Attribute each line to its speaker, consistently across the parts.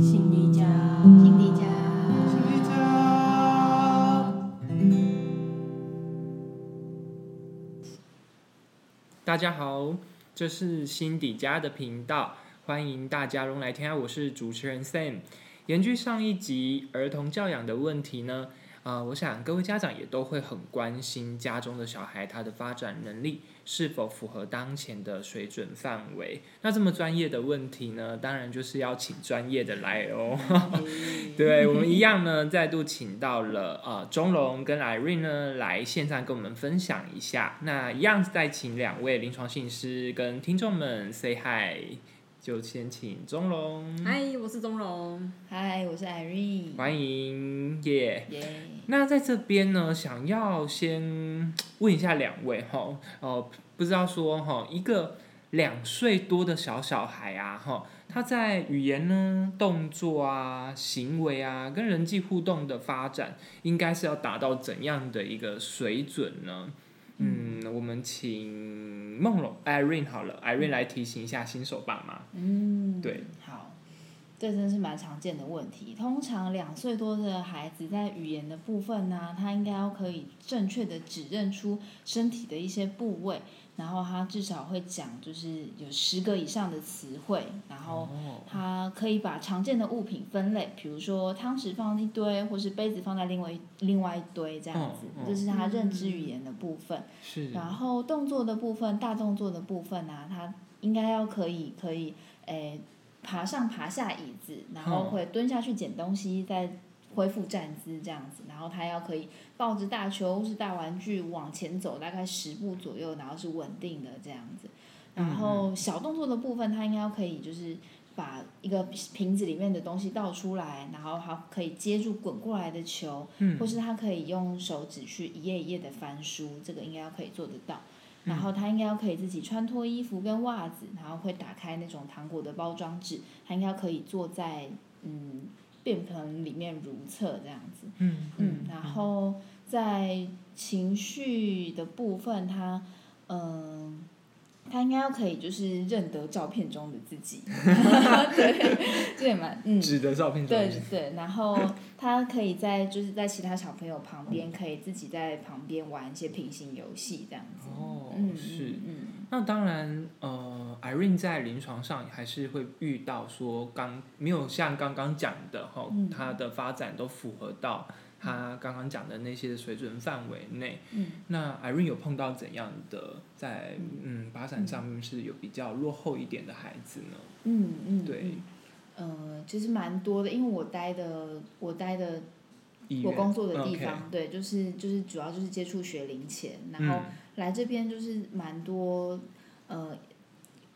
Speaker 1: 心底家，心底家，心底家、
Speaker 2: 嗯。大家好，這是心底家的頻道，歡迎大家來聽。我是主持人 Sam。延續上一集兒童教養的問題呢，啊、呃，我想各位家長也都會很關心家中的小孩，他的發展能力是否符合當前的水準範圍。那這麼專業的問題呢，當然就是要請專業的來哦。
Speaker 3: 對，我們一
Speaker 2: 樣呢，再度請到了呃鍾龍跟 Irene 呢來線上跟我們分享一下。那一樣再請兩位臨床心理師跟聽眾們 say hi。就先請鍾榮。嗨，
Speaker 3: 我是鍾榮。嗨，我是艾瑞。
Speaker 2: 歡迎耶。Yeah. Yeah. 那在這邊呢，想要先問一下兩位哈，哦、呃，不知道說哈，一個兩歲多的小小孩啊哈，他在語言呢、動作啊、行為啊、跟人際互動的發展，應該是要達到怎樣的一個水準呢？嗯，我們請夢龍 Irene 好了，Irene 來提醒一下新手爸媽。
Speaker 1: 嗯，對，好，這真是蠻常見的問題。通常兩歲多的孩子在語言的部分呢，他應該要可以正確的指認出身體的一些部位。然後他至少會講，就是有十個以上的詞彙。然後他可以把常見的物品分類，比如說湯匙放一堆，或是杯子放在另外另外一堆這樣子。哦哦，就是他認知語言的部分。嗯、然後動作的部分，大動作的部分呢、啊，他應該要可以可以誒、呃，爬上爬下椅子，然後會蹲下去撿東西在。在恢復站姿這樣子，然後他要可以抱着大球或是大玩具往前走大概十步左右，然後是穩定的這樣子。然後小動作的部分，他應該要可以就是把一個瓶子裡面的東西倒出來，然後還可以接住滾過來的球，或是他可以用手指去一頁一頁的翻書，這個應該要可以做得到。然後他應該要可以自己穿脫衣服跟襪子，然後會打開那種糖果的包裝紙，他應該可以坐在嗯。便盆裡面如廁這樣子，嗯，嗯，嗯，然後在情緒的部分，他，嗯、呃，他應該要可以就是認得照片中的自己， 對，這也蠻，
Speaker 2: 嗯，指得，照片中，對，對對，然後
Speaker 1: 他可以在就是在其他小朋友旁邊，可以自己在旁邊玩一些平行遊戲這樣子，
Speaker 2: 哦，嗯嗯嗯。嗯嗯那當然，呃，Irene 在臨床上還是會遇到說，剛沒有像剛剛講的哈，他的發展都符合到他剛剛講的那些水準範圍內。那 Irene 有碰到怎樣的在嗯發展上面是有比較落後一點的孩子呢？嗯嗯，對，
Speaker 1: 呃，其實蠻多的，因為我待的我待的
Speaker 2: 我工作的地方，okay、對，
Speaker 1: 就是就是主要就是接觸學齡前，然後。嗯來這邊就是蠻多，呃，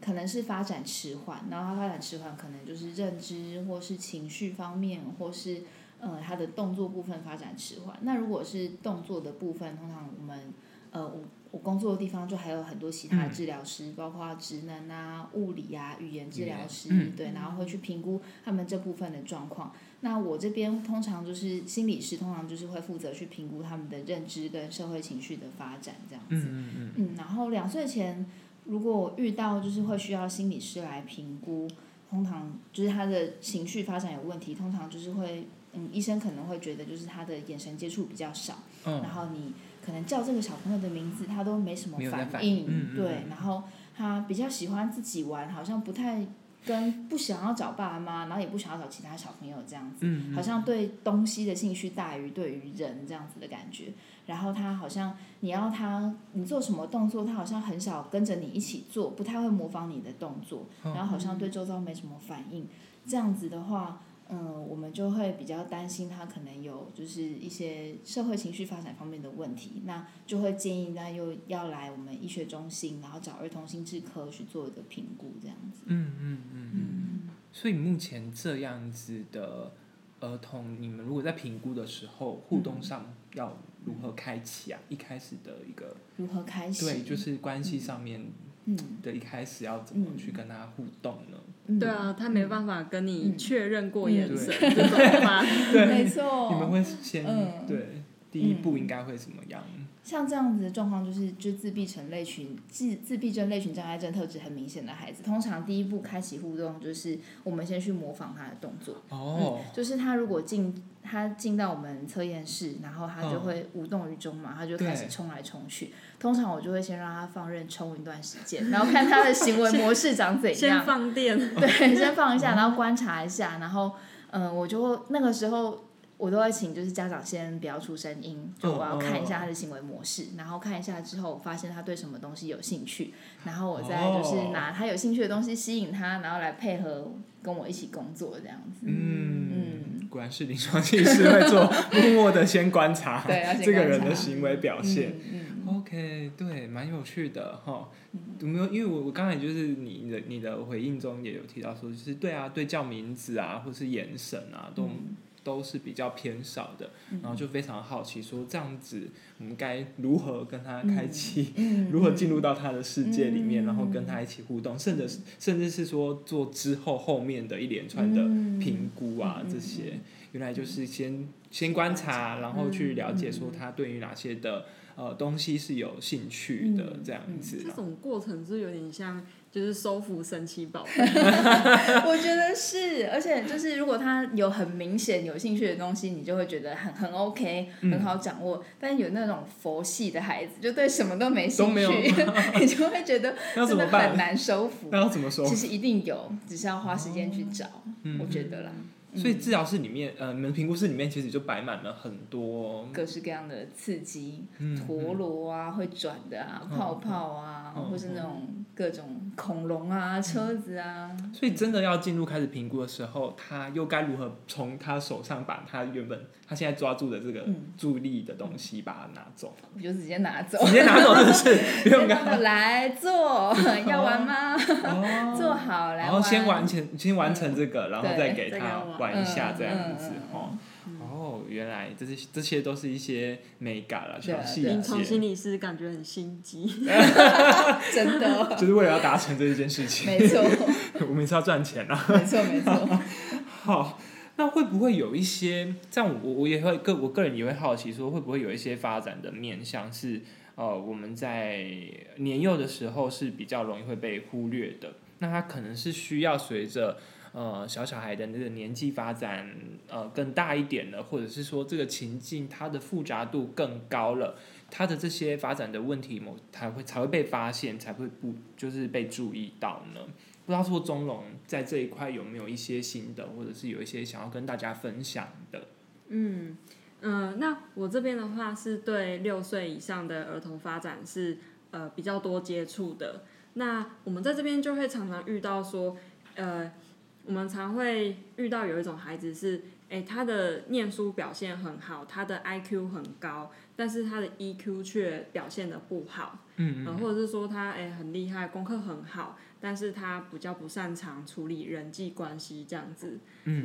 Speaker 1: 可能是發展遲緩，然後他發展遲緩，可能就是認知或是情緒方面，或是呃他的動作部分發展遲緩。那如果是動作的部分，通常我們呃我我工作的地方就還有很多其他治療師、嗯，包括職能啊、物理啊、語言治療師，yeah. 對，然後會去評估他們這部分的狀況。那我這邊通常就是心理師，通常就是會負責去評估他們的認知跟社會情緒的發展這樣子。嗯,嗯,嗯,嗯，然後兩歲前，如果我遇到就是會需要心理師來評估，通常就是他的情緒發展有問題，通常就是會，嗯，醫生可能會覺得就是他的眼神接觸比較少，oh. 然後你。可能叫這個小朋友的名字，他都沒什麼反應。反應。對，嗯嗯嗯，然後他比較喜歡自己玩，好像不太跟不想要找爸媽，然後也不想要找其他小朋友這樣子。嗯嗯，好像對東西的興趣大於對於人這樣子的感覺。然後他好像你要他你做什麼動作，他好像很少跟着你一起做，不太會模仿你的動作。哦，然後好像對周遭沒什麼反應。這樣子的話。嗯，我們就會比較擔心他可能有就是一些社會情緒發展方面的問題，那就會建議他又要來我們醫學中心，然後找兒童心智科去做一個評估，這樣子。
Speaker 2: 嗯嗯嗯嗯。所以目前這樣子的兒童，你們如果在評估的時候，互動上要如何開啟啊？嗯嗯、一開始的一個，
Speaker 1: 如何開啟？對，就是
Speaker 2: 關係上面嗯的一開始要怎麼去跟他互動呢？
Speaker 3: 對啊、嗯，他沒辦法跟你確認過眼神、嗯，對，對 對沒辦對沒錯，你們
Speaker 2: 會先、呃、對第一步應該會怎麼樣？嗯
Speaker 3: 像這樣子的狀況，就是，就是就自閉症
Speaker 1: 類群自自閉症類群障礙症特質很明顯的孩子，通常第一步開啟互動就是我們先去模仿他的動作。哦，oh.
Speaker 3: 嗯，就
Speaker 1: 是他如果進他進到我們測驗室，然後他就會無動於衷嘛，oh. 他就開始衝來衝去。通常我就會先讓他放任衝一段時間，然後看他的行為模式
Speaker 3: 長怎樣。 先放電，對，
Speaker 1: 先放一下，然後觀察一下，oh. 然後嗯、呃，我就那個時候。我都會請，就是家長先不要出聲音，就我要看一下他的行為模式，哦、然後看一下之後，發現他對什麼東西有興趣，然後我再就是拿他有興趣的東西吸引他，哦、然後來配合跟我一起工作這樣子。
Speaker 2: 嗯嗯，果然是臨床心理師會做，默默的先觀察 這個人的行為表現。嗯。嗯 OK，對，蠻有趣的哈。有沒有？因為我我剛才就是你的你的回應中也有提到說，就是對啊，對叫名字啊，或是眼神啊，都。嗯都是比較偏少的，然後就非常好奇，說這樣子我們該如何跟他開啟、嗯，如何進入到他的世界裡面、嗯，然後跟他一起互動，嗯、甚至甚至是說做之後後面的一連串的評估啊、嗯嗯、這些，原來就是先、嗯、先觀察，觀察，然後去了解說他對於哪些的、嗯、呃東西是有興趣的、嗯、這樣子，這
Speaker 3: 種過程就是有點像。就是收服神奇寶貝，
Speaker 1: 我覺得是，而且就是如果他有很明顯有興趣的東西，你就會覺得很很 OK，、嗯、很好掌握。但有那種佛系的孩子，就對什麼都沒興趣， 你就會覺得真的很難收服。那
Speaker 2: 要，要怎麼說？其實一
Speaker 1: 定有，只是要花時間去找、哦嗯，我覺得啦。
Speaker 2: 所以治療室裡面，呃，你們評估室裡面其實就擺滿了很多各
Speaker 1: 式各樣的刺激，嗯、陀螺啊會轉的啊、嗯，泡泡啊、嗯，或是那種各種恐龍啊、嗯、車子啊。
Speaker 2: 所以真的要進入開始評估的時候，他又該如何從他手上把，他原本他現在抓住的這個助力的東西把它拿走？你
Speaker 1: 就直接拿走， 直接拿走是不是？不用給我來做， 要玩嗎？做、哦、好 好，然後、哦、
Speaker 2: 先完成，先完成這個，然後再給他。玩一下這樣子，哦、呃呃，哦，嗯、原來這些這些都是一些美感了，小細節。心
Speaker 3: 理師感覺很心機， 真的。就
Speaker 2: 是為了要達成這一件事情，沒錯。 我們是要賺錢啊。沒錯沒錯。好，那會不會有一些像我我也會個我個人也會好奇說，說會不會有一些發展的面向是呃，我們在年幼的時候是比較容易會被忽略的。那它可能是需要隨着。呃，小小孩的那個年紀發展，呃，更大一點了，或者是說這個情境它的複雜度更高了，它的這些發展的問題，某才會才會被發現，才會不就是被注意到呢？不知道說中龍在這一塊有沒有一些心得，或者是有一些想要跟大家分享的？嗯嗯、
Speaker 3: 呃，那我這邊的話是對六歲以上的兒童發展是呃比較多接觸的，那我們在這邊就會常常遇到說呃。我們常會遇到有一種孩子是，哎、欸，他的念書表現很好，他的 IQ 很高，但是他的 EQ 卻表現得不好，嗯，嗯，嗯、呃，或者是說他哎、欸、很厲害，功課很好，但是他比較不擅長處理人際關係這樣子，嗯，嗯，嗯，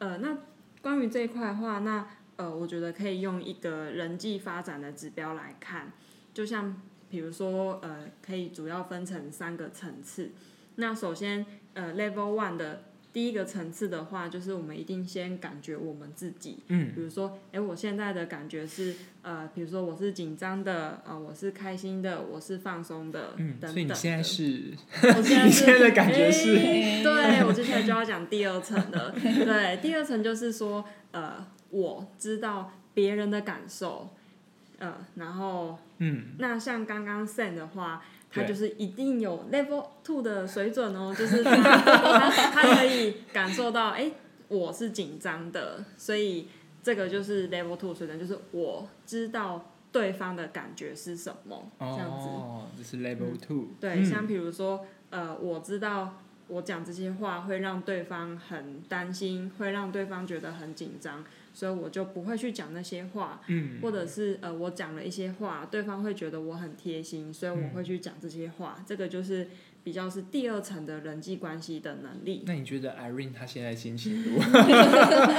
Speaker 3: 那呃那關於這一塊的話，那呃我覺得可以用一個人際發展的指標來看，就像比如說呃可以主要分成三個層次，那首先呃 Level One 的第一個層次的話，就是我們一定先感覺我們自己，嗯，比如說，哎、欸，我現在的感覺是，呃，比如說我是緊張的，呃，我是開心的，我是放鬆的，嗯，等等的，所以你現在是，
Speaker 2: 我現在， 你現在的感覺是，欸欸、對，我接下來就要講第二層了， 對，
Speaker 3: 第二層就是說，呃，我知道別人的感受，呃，然後，嗯，那像剛剛 send 的話。他就是一定有 level two 的水準哦，就是他 他，他可以感受到，哎，我是緊張的，所以這個就是 level two 水準，就是我知道對方的感覺是什麼，哦、這樣
Speaker 2: 子，這是 level two。嗯、對，像
Speaker 3: 比如說、嗯，呃，我知道。我講這些話會讓對方很擔心，會讓對方覺得很緊張，所以我就不會去講那些話。嗯，或者是呃，我講了一些話，對方會覺得我很貼心，所以我會去講這些話，嗯。這個就是比較是第二層的人際關係的能力。
Speaker 2: 那你覺得 Irene 她現在心情如何？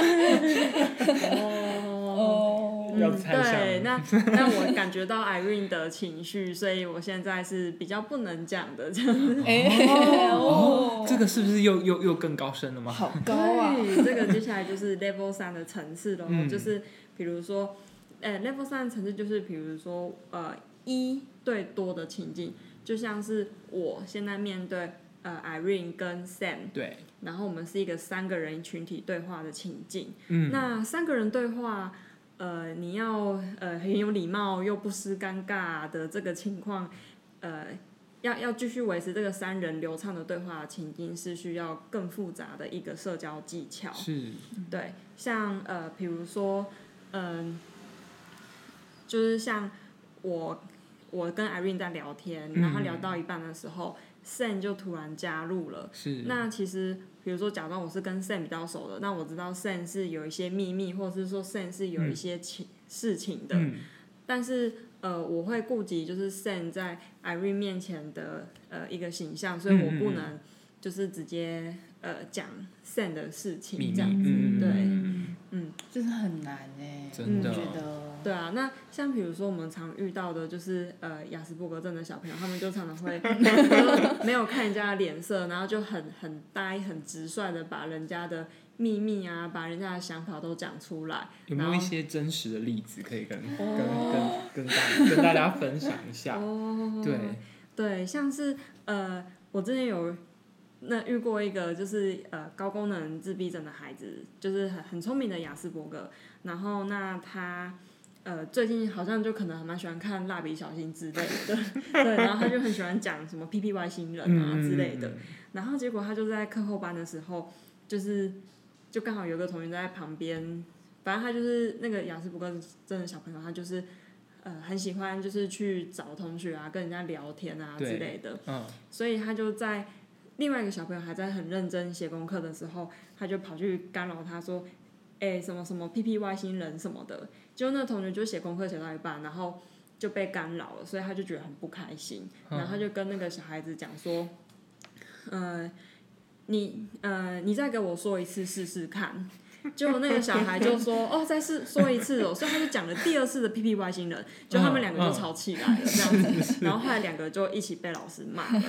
Speaker 2: Oh. 哦、oh, 嗯，對，那，那我感覺
Speaker 3: 到 Irene 的情緒， 所以我現在是比較不能講的這樣子。Oh, oh. Oh, 這
Speaker 2: 個是不是又又又更高深了嗎？好高啊！這
Speaker 3: 個接下來就是 Level 三的層次嘍， 就是比如說，欸、如說，呃，Level 三的層次就是比如說，呃，一對多的情境，就像是我現在面對呃 Irene 跟 Sam，對，然後我們是一個三個人群體對話的情境，嗯、那三個人對話。呃，你要呃很有禮貌又不失尷尬的這個情況，呃，要要繼續維持這個三人流暢的對話的情境，是需要更複雜的一個社交技巧。是，對，像呃，比如說，嗯、呃，就是像我。我跟 Irene 在聊天，然後聊到一半的時候、嗯、San 就突然加入了。那其實，比如說，假裝我是跟 San 比較熟的，那我知道 San 是有一些秘密，或者是說 San 是有一些情、嗯、事情的、嗯。但是，呃，我會顧及就是 San 在 Irene 面前的呃一個形象，所以我不能就是直接呃講 San 的事情這樣子、嗯。對。嗯，就是很難哎、欸，你、嗯、覺得？對啊，那像比如說我們常遇到的，就是呃，亞斯伯格症的小朋友，他們就常常會 沒有看人家的臉色，然後就很很呆、很直率的把人家的秘密啊，把人家的想法都講出來。有沒有一些
Speaker 2: 真實的例子可以跟跟、哦、跟跟大跟大家分享一下？ 哦、對
Speaker 3: 對，像是呃，我之前有那遇過一個，就是呃，高功能自閉症的孩子，就是很很聰明的亞斯伯格，然後那他。呃，最近好像就可能還蠻喜歡看《蠟筆小新》之類的， 對，然後他就很喜歡講什麼“屁屁外星人”啊之類的嗯嗯嗯嗯。然後結果他就在課後班的時候，就是就剛好有個同學在旁邊，反正他就是那個亞斯伯格症的小朋友，他就是呃很喜歡就是去找同學啊，跟人家聊天啊之類的。嗯，所以他就在另外一個小朋友還在很認真寫功課的時候，他就跑去干擾他說。哎、欸，什麼什麼 P P 外星人什麼的，就那個同學就寫功課寫到一半，然後就被干擾了，所以他就覺得很不開心，然後他就跟那個小孩子講說、嗯：“呃，你呃，你再給我說一次試試看。”就那個小孩就說：“ 哦，再試說一次哦。”所以他就講了第二次的 P P 外星人，就他們兩個就吵起來了，這樣子、哦哦，然後後來兩個就一起被老師罵了。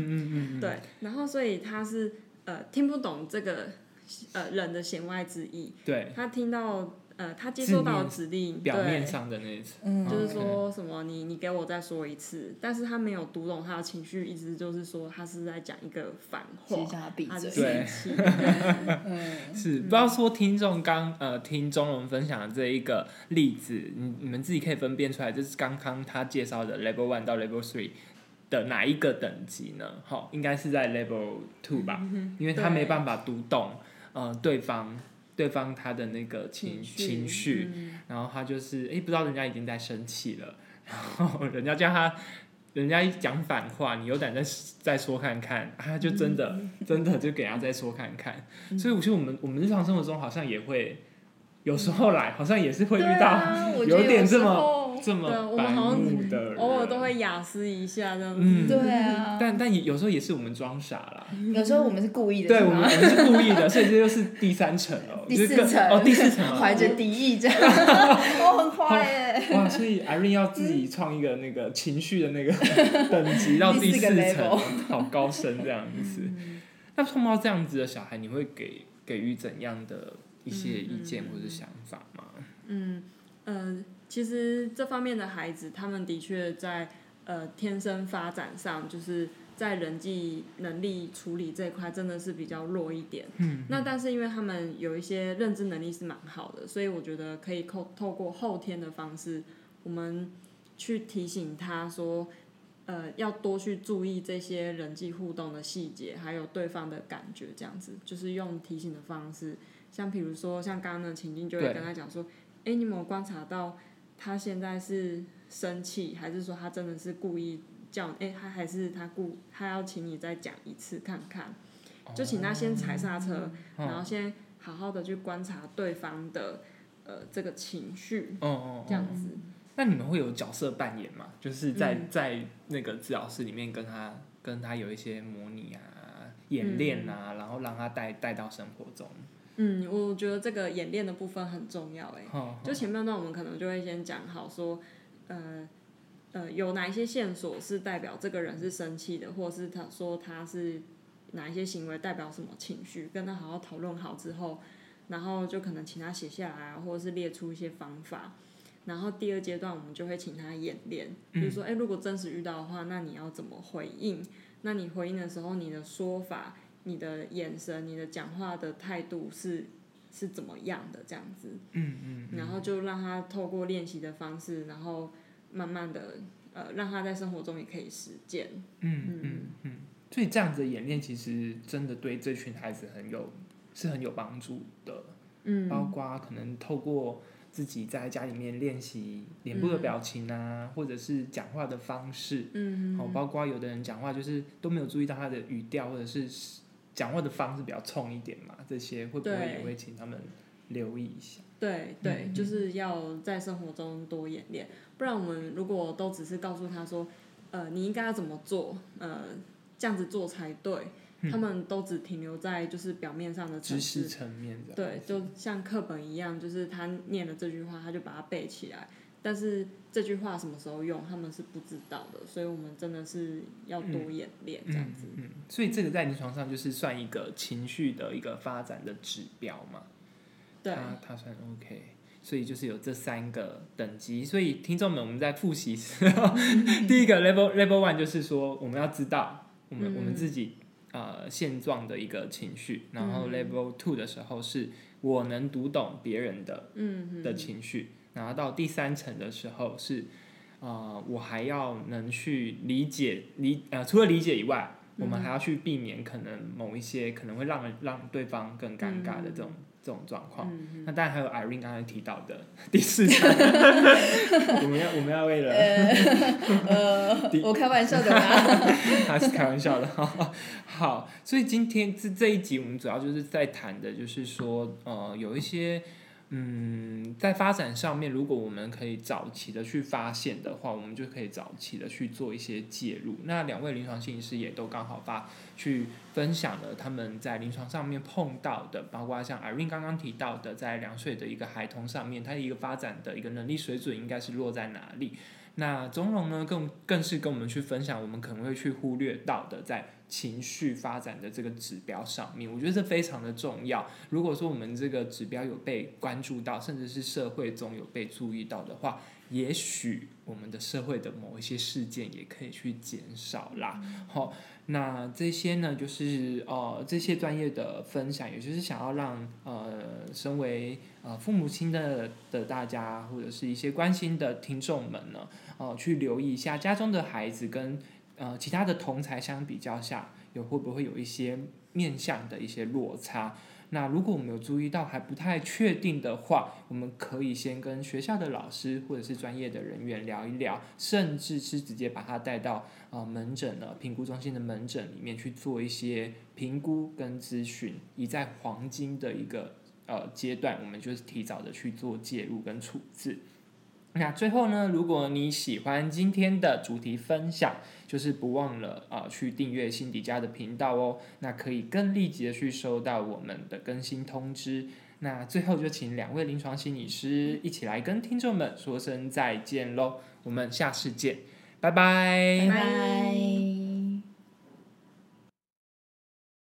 Speaker 2: 對，
Speaker 3: 然後所以他是呃聽不懂這個。呃，人的弦外之意，對，他聽到呃，他接收到指令，表面上的那一次、嗯，就是說什麼你你給我再說一次、嗯嗯，但是他沒有讀懂他的情緒，意思就是說他是在講一個反話，他生氣，是、嗯嗯、
Speaker 2: 是不要說聽眾剛呃聽鍾榮分享的這一個例子，你你們自己可以分辨出來，就是剛剛他介紹的 level one 到 level three 的哪一個等級呢？好、哦，應該是在 level two 吧、嗯嗯，因為他沒辦法讀懂。對呃，對方，對方他的那個情情緒，情緒、嗯，然後他就是哎，不知道人家已經在生氣了，然後人家叫他，人家一講反話，你有膽再再說看看，他就真的、嗯、真的就給人家再說看看、嗯，所以我覺得我們我們日常生活中好像也會，有時候來，好像也是會遇到有點這麼這麼白目的人，嗯，我們好像偶爾
Speaker 3: 都會雅思一下這
Speaker 2: 樣子，嗯，對啊。但但也有時候也是我們裝傻啦。有時候我們是故意的，對我們，我們是故意的，所以這就是第三層哦，喔，第四層哦，就是喔，第四層懷着敵
Speaker 1: 意這樣，我很壞。哇，所
Speaker 2: 以 Irene 要自己創一個那個情緒的那個等級到第四層，好高深這樣子。嗯，那碰到這樣子的小孩，你會給給予怎樣的一些意見，嗯，或者想法嗎？嗯，
Speaker 3: 嗯嗯其實這方面的孩子，他們的確在呃天生發展上，就是在人際能力處理這一塊，真的是比較弱一點嗯。嗯。那但是因為他們有一些認知能力是蠻好的，所以我覺得可以透透過後天的方式，我們去提醒他說，呃，要多去注意這些人際互動的細節，還有對方的感覺，這樣子就是用提醒的方式，像比如說像剛剛的情境，就會跟他講說，哎、欸，你有沒有觀察到？他現在是生氣，還是說他真的是故意叫？哎、欸，他還是他故他要請你再講一次看看，就請他先踩剎車，oh. 然後先好好的去觀察對方的呃這個情緒，哦
Speaker 2: 哦，這樣子。那你們會有角色扮演嗎？就是在，um. 在那個治療室裡面跟他跟他有一些模擬啊、演練啊，um. 然後讓他帶帶到生活中。
Speaker 3: 嗯，我覺得這個演練的部分很重要哎。好，好，就前半段我們可能就會先講好說，呃呃，有哪一些線索是代表這個人是生氣的，或者是他說他是哪一些行為代表什麼情緒，跟他好好討論好之後，然後就可能請他寫下來，或者是列出一些方法。然後第二階段我們就會請他演練，嗯，就是說，哎，欸，如果真實遇到的話，那你要怎麼回應？那你回應的時候，你的說法。你的眼神、你的講話的態度是是怎麼樣的？這樣子，嗯嗯，嗯，然後就讓他透過練習的方式，然後慢慢的呃，讓他在生活中也可以實
Speaker 2: 踐，嗯嗯嗯。所以這樣子的演練其實真的對這群孩子很有，是很有幫助的，嗯，包括可能透過自己在家裡面練習臉部的表情啊，嗯、或者是講話的方式，嗯，好、哦，包括有的人講話就是都沒有注意到他的語調或者是。講話的方式比較衝一點嘛，這些會不會也會請他們留意一下？
Speaker 3: 對對，就是要在生活中多演練，不然我們如果都只是告訴他說，呃，你應該要怎麼做，呃，這樣子做才對，嗯，他們都只停留在就是表面上的層次，知識
Speaker 2: 層面這樣，對，
Speaker 3: 就像課本一樣，就是他念了這句話，他就把它背起來。但是這句話什麼時候用，他們是不知道的，所以我們真的是
Speaker 2: 要多演練這樣子嗯嗯。嗯，所以這個在臨床上就是算一個情緒的一個發展的指標嘛。對。他，他算 OK。所以就是有這三個等級。所以聽眾們，我們在複習時候、嗯，第一個 level level one 就是說我們要知道我們、嗯、我們自己呃現狀的一個情緒，然後 level two 的時候是我能讀懂別人的嗯的情緒。然後到第三層的時候是，呃、我還要能去理解理呃，除了理解以外，嗯，我們還要去避免可能某一些可能會讓人讓對方更尷尬的這種，嗯、這種狀況，嗯。那當然還有 Irene 剛才提到的第四層， 我們要我們要為了、
Speaker 1: 欸呃、 我，開玩，我 開玩笑
Speaker 2: 的，他是開玩笑的，好，所以今天這這一集我們主要就是在談的，就是說呃，有一些。嗯，在發展上面，如果我們可以早期的去發現的話，我們就可以早期的去做一些介入。那兩位臨床心理師也都剛好發去分享了他們在臨床上面碰到的，包括像 Irene 剛剛提到的，在兩歲的一個孩童上面，他的一個發展的一個能力水準應該是落在哪裡。那鍾容呢，更更是跟我們去分享，我們可能會去忽略到的在。情緒發展的這個指標上面，我覺得這非常的重要。如果說我們這個指標有被關注到，甚至是社會中有被注意到的話，也許我們的社會的某一些事件也可以去減少啦。好，嗯，哦，那這些呢，就是哦，呃，這些專業的分享，也就是想要讓呃，身為呃父母親的的大家，或者是一些關心的聽眾們呢，哦，呃，去留意一下家中的孩子跟。呃，其他的同儕相比較下，有會不會有一些面向的一些落差？那如果我們有注意到還不太確定的話，我們可以先跟學校的老師或者是專業的人員聊一聊，甚至是直接把他帶到呃門診了評估中心的門診裡面去做一些評估跟諮詢，以在黃金的一個呃階段，我們就提早的去做介入跟處置。那最後呢，如果你喜歡今天的主題分享，就是不忘了啊、呃、去訂閱辛迪加的頻道哦，那可以更立即的去收到我們的更新通知。那最後就請兩位臨床心理師一起來跟聽眾們說聲再見嘍，我們下次見，拜拜。拜拜。